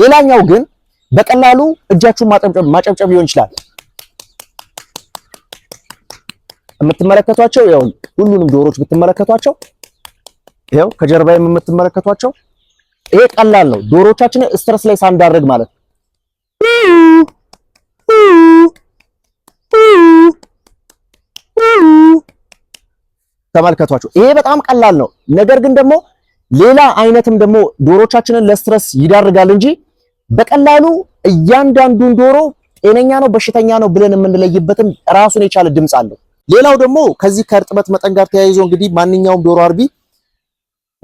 ሌላኛው ግን በቀላሉ እጃችሁን ማጨብጨብ ሊሆን ይችላል። የምትመለከቷቸው ያው ሁሉንም ዶሮዎች ብትመለከቷቸው ያው ከጀርባዬም የምትመለከቷቸው ይሄ ቀላል ነው። ዶሮዎቻችንን ስትረስ ላይ ሳንዳርግ ማለት ነው። ተመልከቷቸው። ይሄ በጣም ቀላል ነው። ነገር ግን ደግሞ ሌላ አይነትም ደግሞ ዶሮቻችንን ለስትረስ ይዳርጋል እንጂ በቀላሉ እያንዳንዱን ዶሮ ጤነኛ ነው በሽተኛ ነው ብለን የምንለይበትም ራሱን የቻለ ድምፅ አለው። ሌላው ደግሞ ከዚህ ከእርጥበት መጠን ጋር ተያይዞ እንግዲህ ማንኛውም ዶሮ አርቢ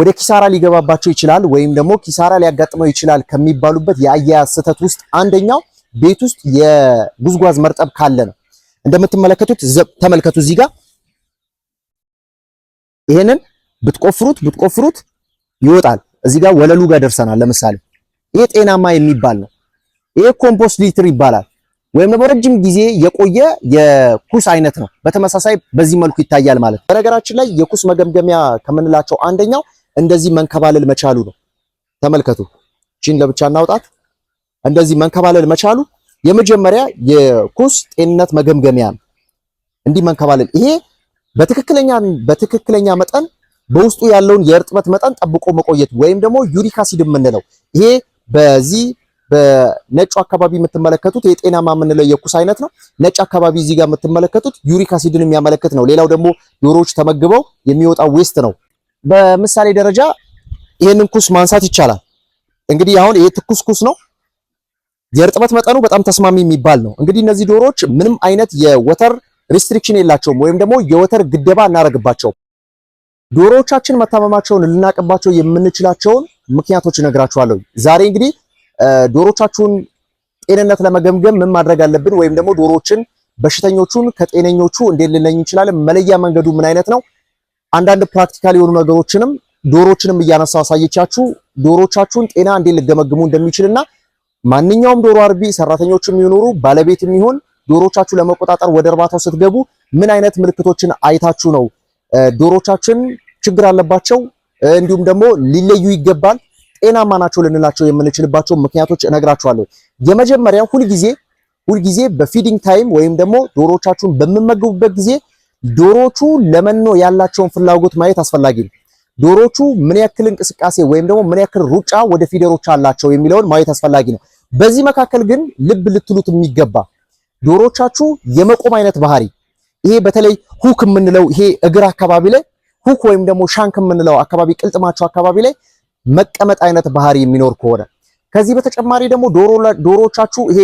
ወደ ኪሳራ ሊገባባቸው ይችላል ወይም ደግሞ ኪሳራ ሊያጋጥመው ይችላል ከሚባሉበት የአያያዝ ስህተት ውስጥ አንደኛው ቤት ውስጥ የጉዝጓዝ መርጠብ ካለ ነው። እንደምትመለከቱት ተመልከቱ፣ እዚህ ጋር ይሄንን ብትቆፍሩት ብትቆፍሩት ይወጣል። እዚህ ጋር ወለሉ ጋር ደርሰናል ለምሳሌ ይሄ ጤናማ የሚባል ነው። ይሄ ኮምፖስት ሊትር ይባላል። ወይም ደግሞ ረጅም ጊዜ የቆየ የኩስ አይነት ነው። በተመሳሳይ በዚህ መልኩ ይታያል ማለት ነው። በነገራችን ላይ የኩስ መገምገሚያ ከምንላቸው አንደኛው እንደዚህ መንከባለል መቻሉ ነው። ተመልከቱ። ቺን ለብቻ እናውጣት። እንደዚህ መንከባለል መቻሉ የመጀመሪያ የኩስ ጤንነት መገምገሚያ ነው። እንዲህ መንከባለል ይሄ በትክክለኛ በትክክለኛ መጠን በውስጡ ያለውን የእርጥበት መጠን ጠብቆ መቆየት ወይም ደግሞ ዩሪክ አሲድ የምንለው ይሄ በዚህ በነጩ አካባቢ የምትመለከቱት የጤናማ የምንለው የኩስ አይነት ነው። ነጭ አካባቢ እዚህ ጋር የምትመለከቱት ዩሪክ አሲድን የሚያመለክት ነው። ሌላው ደግሞ ዶሮዎች ተመግበው የሚወጣው ዌስት ነው። በምሳሌ ደረጃ ይህንን ኩስ ማንሳት ይቻላል። እንግዲህ አሁን ይሄ ትኩስ ኩስ ነው። የእርጥበት መጠኑ በጣም ተስማሚ የሚባል ነው። እንግዲህ እነዚህ ዶሮዎች ምንም አይነት የወተር ሪስትሪክሽን የላቸውም ወይም ደግሞ የወተር ግደባ እናደርግባቸው። ዶሮዎቻችን መታመማቸውን ልናቅባቸው የምንችላቸውን ምክንያቶች እነግራችኋለሁ። ዛሬ እንግዲህ ዶሮቻችሁን ጤንነት ለመገምገም ምን ማድረግ አለብን ወይም ደግሞ ዶሮዎችን በሽተኞቹን ከጤነኞቹ እንዴት ልለኝ እንችላለን፣ መለያ መንገዱ ምን አይነት ነው፣ አንዳንድ ፕራክቲካል የሆኑ ነገሮችንም ዶሮችንም እያነሳው አሳየቻችሁ ዶሮቻችሁን ጤና እንዴት ልገመግሙ እንደሚችልና ማንኛውም ዶሮ አርቢ ሰራተኞች የሚኖሩ ባለቤት የሚሆን ዶሮቻችሁ ለመቆጣጠር ወደ እርባታው ስትገቡ ምን አይነት ምልክቶችን አይታችሁ ነው ዶሮቻችን ችግር አለባቸው እንዲሁም ደግሞ ሊለዩ ይገባል ጤናማ ናቸው ልንላቸው የምንችልባቸው ምክንያቶች እነግራችኋለሁ። የመጀመሪያው ሁልጊዜ ሁልጊዜ በፊዲንግ ታይም ወይም ደግሞ ዶሮቻችሁን በምመገቡበት ጊዜ ዶሮቹ ለመኖ ያላቸውን ፍላጎት ማየት አስፈላጊ ነው። ዶሮቹ ምን ያክል እንቅስቃሴ ወይም ደግሞ ምን ያክል ሩጫ ወደ ፊደሮች አላቸው የሚለውን ማየት አስፈላጊ ነው። በዚህ መካከል ግን ልብ ልትሉት የሚገባ ዶሮቻችሁ የመቆም አይነት ባህሪ ይሄ በተለይ ሁክ የምንለው ይሄ እግር አካባቢ ላይ ሁክ ወይም ደግሞ ሻንክ የምንለው አካባቢ ቅልጥማቸው አካባቢ ላይ መቀመጥ አይነት ባህሪ የሚኖር ከሆነ ከዚህ በተጨማሪ ደግሞ ዶሮዎቻችሁ ይሄ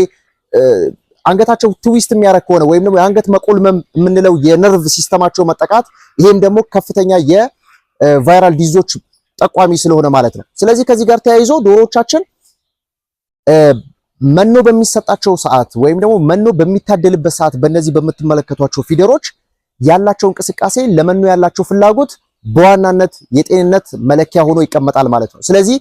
አንገታቸው ትዊስት የሚያደርግ ከሆነ ወይም ደግሞ የአንገት መቆልመም የምንለው የነርቭ ሲስተማቸው መጠቃት፣ ይሄም ደግሞ ከፍተኛ የቫይራል ዲዞች ጠቋሚ ስለሆነ ማለት ነው። ስለዚህ ከዚህ ጋር ተያይዞ ዶሮዎቻችን መኖ በሚሰጣቸው ሰዓት ወይም ደግሞ መኖ በሚታደልበት ሰዓት በእነዚህ በምትመለከቷቸው ፊደሮች ያላቸው እንቅስቃሴ ለመኖ ያላቸው ፍላጎት በዋናነት የጤንነት መለኪያ ሆኖ ይቀመጣል ማለት ነው። ስለዚህ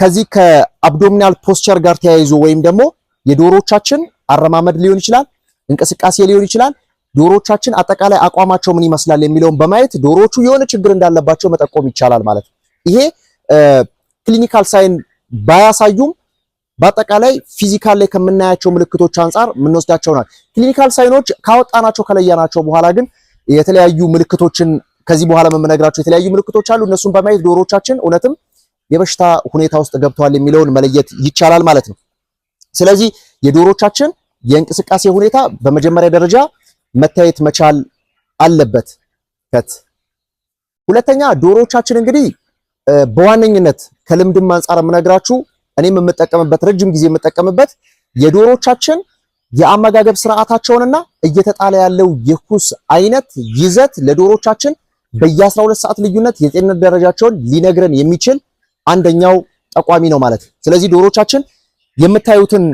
ከዚህ ከአብዶሚናል ፖስቸር ጋር ተያይዞ ወይም ደግሞ የዶሮቻችን አረማመድ ሊሆን ይችላል፣ እንቅስቃሴ ሊሆን ይችላል፣ ዶሮቻችን አጠቃላይ አቋማቸው ምን ይመስላል የሚለውን በማየት ዶሮቹ የሆነ ችግር እንዳለባቸው መጠቆም ይቻላል ማለት ነው። ይሄ ክሊኒካል ሳይን ባያሳዩም በአጠቃላይ ፊዚካል ላይ ከምናያቸው ምልክቶች አንጻር የምንወስዳቸው ናል። ክሊኒካል ሳይኖች ካወጣናቸው ከለያናቸው በኋላ ግን የተለያዩ ምልክቶችን ከዚህ በኋላ የምነግራቸው የተለያዩ ምልክቶች አሉ። እነሱን በማየት ዶሮቻችን እውነትም የበሽታ ሁኔታ ውስጥ ገብተዋል የሚለውን መለየት ይቻላል ማለት ነው። ስለዚህ የዶሮቻችን የእንቅስቃሴ ሁኔታ በመጀመሪያ ደረጃ መታየት መቻል አለበት። ከት ሁለተኛ ዶሮቻችን እንግዲህ በዋነኝነት ከልምድም አንጻር የምነግራችሁ እኔም የምጠቀምበት ረጅም ጊዜ የምጠቀምበት የዶሮቻችን የአመጋገብ ስርዓታቸውንና እየተጣለ ያለው የኩስ አይነት ይዘት ለዶሮቻችን በየ12 ሰዓት ልዩነት የጤንነት ደረጃቸውን ሊነግረን የሚችል አንደኛው ጠቋሚ ነው ማለት። ስለዚህ ዶሮቻችን የምታዩትን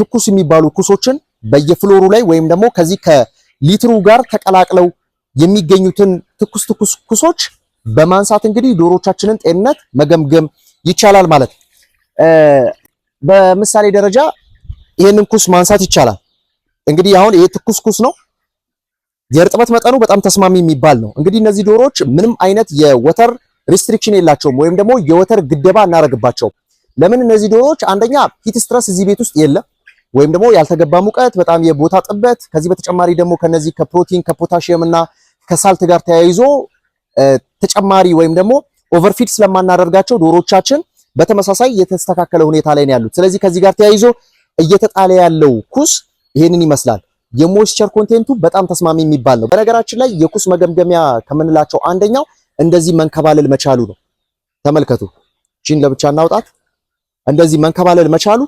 ትኩስ የሚባሉ ኩሶችን በየፍሎሩ ላይ ወይም ደግሞ ከዚህ ከሊትሩ ጋር ተቀላቅለው የሚገኙትን ትኩስ ትኩስ ኩሶች በማንሳት እንግዲህ ዶሮቻችንን ጤንነት መገምገም ይቻላል ማለት ነው። በምሳሌ ደረጃ ይህንን ኩስ ማንሳት ይቻላል። እንግዲህ አሁን ይሄ ትኩስ ኩስ ነው። የእርጥበት መጠኑ በጣም ተስማሚ የሚባል ነው። እንግዲህ እነዚህ ዶሮዎች ምንም አይነት የወተር ሪስትሪክሽን የላቸውም ወይም ደግሞ የወተር ግደባ እናደርግባቸውም። ለምን እነዚህ ዶሮዎች አንደኛ ሂት ስትረስ እዚህ ቤት ውስጥ የለም ወይም ደግሞ ያልተገባ ሙቀት፣ በጣም የቦታ ጥበት። ከዚህ በተጨማሪ ደግሞ ከነዚህ ከፕሮቲን ከፖታሽየም እና ከሳልት ጋር ተያይዞ ተጨማሪ ወይም ደግሞ ኦቨርፊድ ስለማናደርጋቸው ዶሮቻችን በተመሳሳይ የተስተካከለ ሁኔታ ላይ ነው ያሉት። ስለዚህ ከዚህ ጋር ተያይዞ እየተጣለ ያለው ኩስ ይሄንን ይመስላል። የሞይስቸር ኮንቴንቱ በጣም ተስማሚ የሚባል ነው። በነገራችን ላይ የኩስ መገምገሚያ ከምንላቸው አንደኛው እንደዚህ መንከባለል መቻሉ ነው። ተመልከቱ። ቺን ለብቻ እናውጣት። እንደዚህ መንከባለል መቻሉ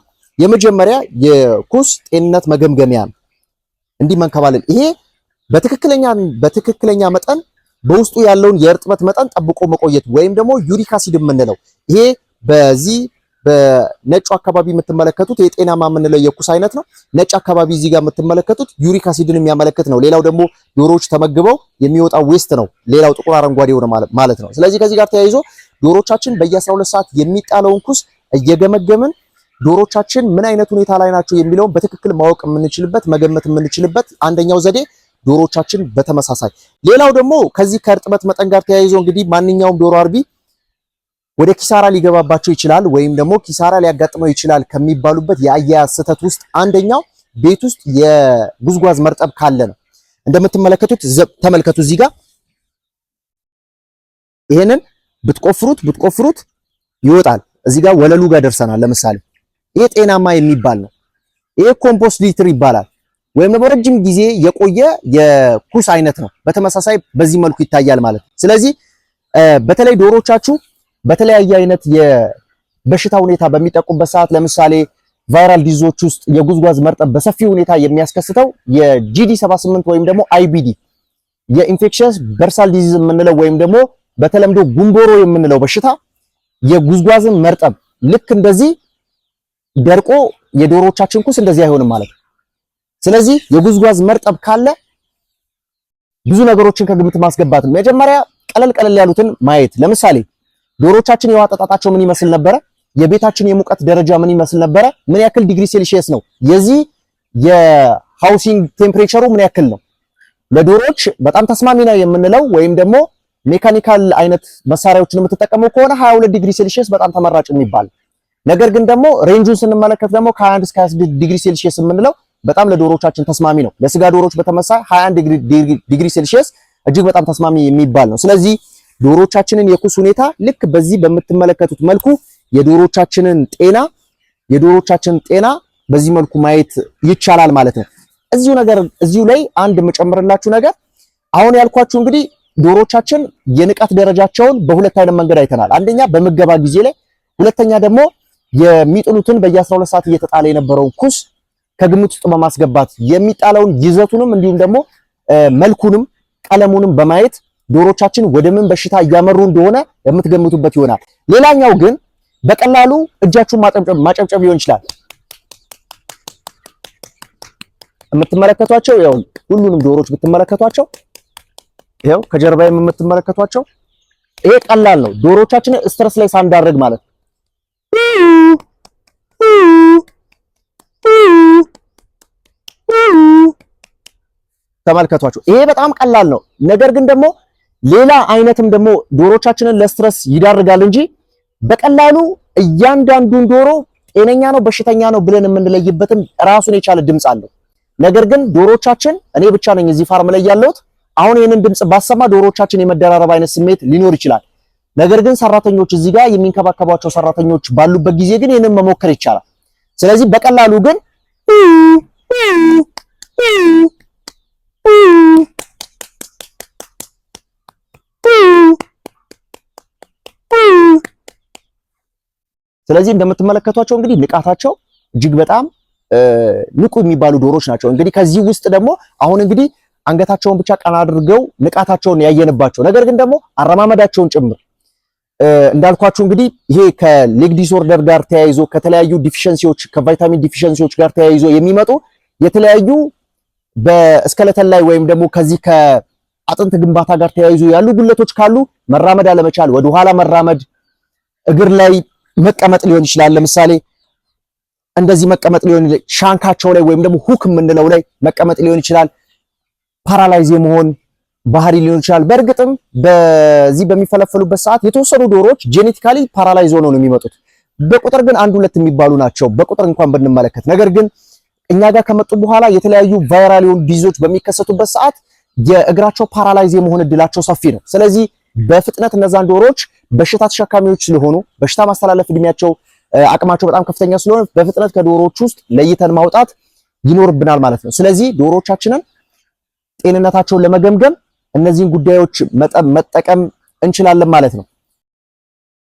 የመጀመሪያ የኩስ ጤንነት መገምገሚያ ነው። እንዲህ መንከባለል ይሄ በትክክለኛ በትክክለኛ መጠን በውስጡ ያለውን የእርጥበት መጠን ጠብቆ መቆየት ወይም ደግሞ ዩሪክ አሲድ የምንለው ይሄ በዚህ በነጩ አካባቢ የምትመለከቱት የጤናማ የምንለው የኩስ አይነት ነው። ነጭ አካባቢ እዚህ ጋር የምትመለከቱት ዩሪክ አሲድን የሚያመለክት ነው። ሌላው ደግሞ ዶሮዎች ተመግበው የሚወጣው ዌስት ነው። ሌላው ጥቁር አረንጓዴ ሆነ ማለት ነው። ስለዚህ ከዚህ ጋር ተያይዞ ዶሮቻችን በየ12 ሰዓት የሚጣለውን ኩስ እየገመገምን ዶሮቻችን ምን አይነት ሁኔታ ላይ ናቸው የሚለውን በትክክል ማወቅ የምንችልበት መገመት የምንችልበት አንደኛው ዘዴ ዶሮቻችን በተመሳሳይ ሌላው ደግሞ ከዚህ ከእርጥበት መጠን ጋር ተያይዞ እንግዲህ ማንኛውም ዶሮ አርቢ ወደ ኪሳራ ሊገባባቸው ይችላል ወይም ደግሞ ኪሳራ ሊያጋጥመው ይችላል ከሚባሉበት የአያያዝ ስህተት ውስጥ አንደኛው ቤት ውስጥ የጉዝጓዝ መርጠብ ካለ ነው። እንደምትመለከቱት ተመልከቱ፣ እዚህ ጋር ይሄንን ብትቆፍሩት ብትቆፍሩት ይወጣል። እዚህ ጋር ወለሉ ጋር ደርሰናል። ለምሳሌ ይሄ ጤናማ የሚባል ነው። ይሄ ኮምፖስት ሊትር ይባላል። ወይም ደግሞ ረጅም ጊዜ የቆየ የኩስ አይነት ነው። በተመሳሳይ በዚህ መልኩ ይታያል ማለት ነው። ስለዚህ በተለይ ዶሮቻችሁ በተለያየ አይነት የበሽታ ሁኔታ በሚጠቁበት ሰዓት ለምሳሌ ቫይራል ዲዞች ውስጥ የጉዝጓዝ መርጠብ በሰፊ ሁኔታ የሚያስከስተው የጂዲ 78 ወይም ደግሞ አይቢዲ የኢንፌክሽንስ በርሳል ዲዚዝ የምንለው ወይም ደግሞ በተለምዶ ጉንቦሮ የምንለው በሽታ የጉዝጓዝን መርጠብ ልክ እንደዚህ ደርቆ የዶሮቻችን ኩስ እንደዚህ አይሆንም ማለት ነው። ስለዚህ የጉዝጓዝ መርጠብ ካለ ብዙ ነገሮችን ከግምት ማስገባት መጀመሪያ ቀለል ቀለል ያሉትን ማየት ለምሳሌ ዶሮቻችን የውሃ ጠጣጣቸው ምን ይመስል ነበረ? የቤታችን የሙቀት ደረጃ ምን ይመስል ነበረ? ምን ያክል ዲግሪ ሴልሺየስ ነው? የዚህ የሃውሲንግ ቴምፕሬቸሩ ምን ያክል ነው? ለዶሮዎች በጣም ተስማሚ ነው የምንለው ወይም ደግሞ ሜካኒካል አይነት መሳሪያዎችን የምትጠቀመው ከሆነ 22 ዲግሪ ሴልሺየስ በጣም ተመራጭ የሚባል ነገር ግን ደግሞ ሬንጁን ስንመለከት ደግሞ ከ21 እስከ 26 ዲግሪ ሴልሺየስ የምንለው በጣም ለዶሮቻችን ተስማሚ ነው። ለስጋ ዶሮዎች በተመሳሳይ 21 ዲግሪ ሴልሺየስ እጅግ በጣም ተስማሚ የሚባል ነው። ስለዚህ ዶሮቻችንን የኩስ ሁኔታ ልክ በዚህ በምትመለከቱት መልኩ የዶሮቻችንን ጤና የዶሮቻችንን ጤና በዚህ መልኩ ማየት ይቻላል ማለት ነው። እዚሁ ነገር እዚሁ ላይ አንድ የምጨምርላችሁ ነገር አሁን ያልኳችሁ እንግዲህ ዶሮቻችን የንቃት ደረጃቸውን በሁለት አይነት መንገድ አይተናል። አንደኛ በምገባ ጊዜ ላይ፣ ሁለተኛ ደግሞ የሚጥሉትን በየ12 ሰዓት እየተጣለ የነበረውን ኩስ ከግምት ውስጥ በማስገባት የሚጣለውን ይዘቱንም እንዲሁም ደግሞ መልኩንም ቀለሙንም በማየት ዶሮቻችን ወደ ምን በሽታ እያመሩ እንደሆነ የምትገምቱበት ይሆናል። ሌላኛው ግን በቀላሉ እጃችሁን ማጨብጨብ ሊሆን ይችላል። የምትመለከቷቸው ያው ሁሉንም ዶሮች ብትመለከቷቸው ይሄው ከጀርባዬም የምትመለከቷቸው ይሄ ቀላል ነው። ዶሮቻችንን ስትረስ ላይ ሳንዳርግ ማለት ነው። ተመልከቷቸው። ይሄ በጣም ቀላል ነው። ነገር ግን ደግሞ ሌላ አይነትም ደግሞ ዶሮቻችንን ለስትረስ ይዳርጋል እንጂ በቀላሉ እያንዳንዱን ዶሮ ጤነኛ ነው በሽተኛ ነው ብለን የምንለይበትም ራሱን የቻለ ድምፅ አለው። ነገር ግን ዶሮቻችን እኔ ብቻ ነኝ እዚህ ፋርም ላይ ያለሁት። አሁን ይህንን ድምፅ ባሰማ ዶሮቻችን የመደራረብ አይነት ስሜት ሊኖር ይችላል። ነገር ግን ሰራተኞች እዚህ ጋር የሚንከባከቧቸው ሰራተኞች ባሉበት ጊዜ ግን ይህንን መሞከር ይቻላል። ስለዚህ በቀላሉ ግን ስለዚህ እንደምትመለከቷቸው እንግዲህ ንቃታቸው እጅግ በጣም ንቁ የሚባሉ ዶሮች ናቸው። እንግዲህ ከዚህ ውስጥ ደግሞ አሁን እንግዲህ አንገታቸውን ብቻ ቀና አድርገው ንቃታቸውን ያየንባቸው፣ ነገር ግን ደግሞ አረማመዳቸውን ጭምር እንዳልኳችሁ እንግዲህ ይሄ ከሌግ ዲስኦርደር ጋር ተያይዞ ከተለያዩ ዲፊሸንሲዎች ከቫይታሚን ዲፊሸንሲዎች ጋር ተያይዞ የሚመጡ የተለያዩ በእስከለተን ላይ ወይም ደግሞ ከዚህ ከአጥንት ግንባታ ጋር ተያይዞ ያሉ ጉለቶች ካሉ መራመድ አለመቻል፣ ወደኋላ መራመድ፣ እግር ላይ መቀመጥ ሊሆን ይችላል። ለምሳሌ እንደዚህ መቀመጥ ሊሆን ሻንካቸው ላይ ወይም ደግሞ ሁክ የምንለው ላይ መቀመጥ ሊሆን ይችላል። ፓራላይዝ የመሆን ባህሪ ሊሆን ይችላል። በእርግጥም በዚህ በሚፈለፈሉበት ሰዓት የተወሰኑ ዶሮዎች ጄኔቲካሊ ፓራላይዝ ሆነው ነው የሚመጡት። በቁጥር ግን አንድ ሁለት የሚባሉ ናቸው፣ በቁጥር እንኳን ብንመለከት። ነገር ግን እኛ ጋር ከመጡ በኋላ የተለያዩ ቫይራል የሆኑ ዲዞች በሚከሰቱበት ሰዓት የእግራቸው ፓራላይዝ የመሆን እድላቸው ሰፊ ነው። ስለዚህ በፍጥነት እነዛን ዶሮዎች በሽታ ተሸካሚዎች ስለሆኑ በሽታ ማስተላለፍ እድሜያቸው አቅማቸው በጣም ከፍተኛ ስለሆነ በፍጥነት ከዶሮዎች ውስጥ ለይተን ማውጣት ይኖርብናል ማለት ነው። ስለዚህ ዶሮዎቻችንን ጤንነታቸውን ለመገምገም እነዚህን ጉዳዮች መጠቀም እንችላለን ማለት ነው።